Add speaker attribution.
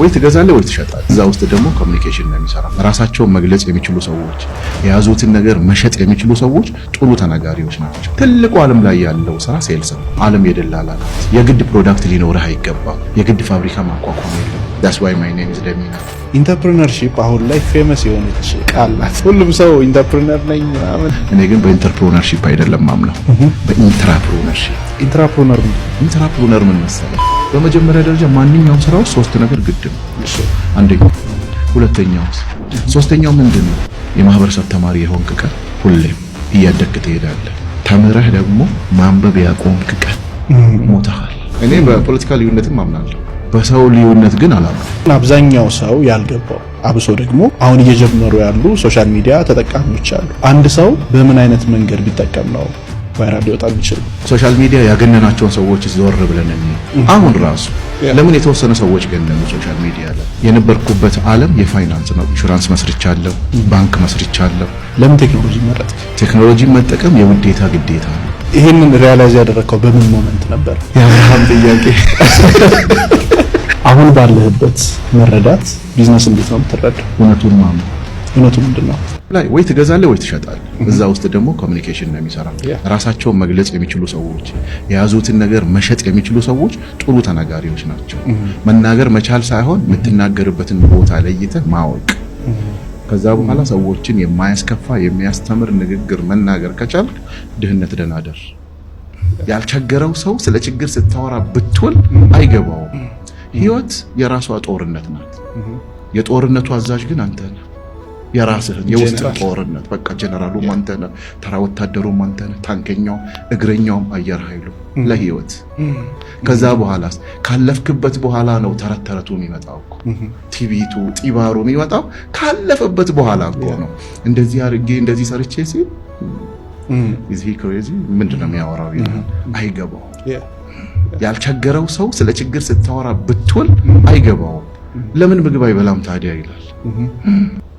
Speaker 1: ወይ ትገዛለህ ወይ ትሸጣለህ። እዛ ውስጥ ደግሞ ኮሚኒኬሽን ነው የሚሰራ። ራሳቸውን መግለጽ የሚችሉ ሰዎች፣ የያዙትን ነገር መሸጥ የሚችሉ ሰዎች ጥሩ ተናጋሪዎች ናቸው። ትልቁ ዓለም ላይ ያለው ስራ ሴልስ ነው። ዓለም የደላላ ናት። የግድ ፕሮዳክት ሊኖርህ አይገባም። የግድ ፋብሪካ ማቋቋም የለም። ዳስ ዋይ ማይ ኔም ደሚና።
Speaker 2: ኢንተርፕሪነርሺፕ አሁን ላይ ፌመስ የሆነች ቃል ናት። ሁሉም ሰው ኢንተርፕርነር ነኝ ምናምን።
Speaker 1: እኔ ግን በኢንተርፕሪነርሺፕ አይደለም ማምነው፣ በኢንትራፕሪነርሺፕ ኢንትራፕሪነር ኢንትራፕሪነር ምን መሰለህ በመጀመሪያ ደረጃ ማንኛውም ስራ ውስጥ ሶስት ነገር ግድ ነው። አንደኛው፣ ሁለተኛው፣ ሶስተኛው ምንድን ነው? የማህበረሰብ ተማሪ የሆንክ ቀን ሁሌም እያደግክ ትሄዳለህ። ተምረህ ደግሞ ማንበብ ያቆምክ ቀን ሞተሃል።
Speaker 2: እኔ በፖለቲካ ልዩነትም አምናለሁ፣
Speaker 1: በሰው ልዩነት ግን አላምንም።
Speaker 2: አብዛኛው ሰው ያልገባው አብሶ ደግሞ አሁን እየጀመሩ ያሉ ሶሻል ሚዲያ ተጠቃሚዎች አሉ። አንድ ሰው በምን አይነት መንገድ ቢጠቀም ነው ቫይራል ሊወጣ የሚችል
Speaker 1: ሶሻል ሚዲያ ያገነናቸውን ሰዎች ዞር ብለን አሁን ራሱ ለምን የተወሰኑ ሰዎች ገነኑ? ሶሻል ሚዲያ ላይ የነበርኩበት ዓለም የፋይናንስ ነው። ኢንሹራንስ መስርቻለሁ፣ ባንክ መስርቻለሁ።
Speaker 2: ለምን ቴክኖሎጂ መረጥ?
Speaker 1: ቴክኖሎጂ መጠቀም የውዴታ ግዴታ ነው።
Speaker 2: ይህንን ሪያላይዝ ያደረግከው በምን ሞመንት ነበር?
Speaker 1: የአብርሃም ጥያቄ
Speaker 2: አሁን ባለህበት መረዳት ቢዝነስ እንዴት ነው የምትረዳው?
Speaker 1: እውነቱን ማመን።
Speaker 2: እውነቱ ምንድን ነው?
Speaker 1: ላይ ወይ ትገዛለህ ወይ ትሸጣል። እዛ ውስጥ ደግሞ ኮሚኒኬሽን ነው የሚሰራ። ራሳቸውን መግለጽ የሚችሉ ሰዎች፣ የያዙትን ነገር መሸጥ የሚችሉ ሰዎች ጥሩ ተናጋሪዎች ናቸው። መናገር መቻል ሳይሆን የምትናገርበትን ቦታ ለይተህ ማወቅ ከዛ በኋላ ሰዎችን የማያስከፋ የሚያስተምር ንግግር መናገር ከቻልክ ድህነት ደናደር ያልቸገረው ሰው ስለ ችግር ስታወራ ብትውል አይገባውም። ህይወት የራሷ ጦርነት ናት። የጦርነቱ አዛዥ ግን አንተ ነህ። የራስህን የውስጥ ጦርነት በቃ ጀነራሉ አንተ ነህ፣ ተራ ወታደሩ አንተ ነህ፣ እግረኛውም አየር ኃይሉ ለህይወት ከዛ በኋላ ካለፍክበት በኋላ ነው ተረት ተረቱ የሚመጣው እኮ ቲቪቱ ጢባሩ የሚመጣው ካለፈበት በኋላ እኮ ነው። እንደዚህ አድርጌ እንደዚህ ሰርቼ ሲል እዚህ ክሬዚ ምንድን ነው የሚያወራው አይገባው ያልቸገረው ሰው ስለ ችግር ስታወራ ብትውል አይገባውም። ለምን ምግብ አይበላም ታዲያ ይላል።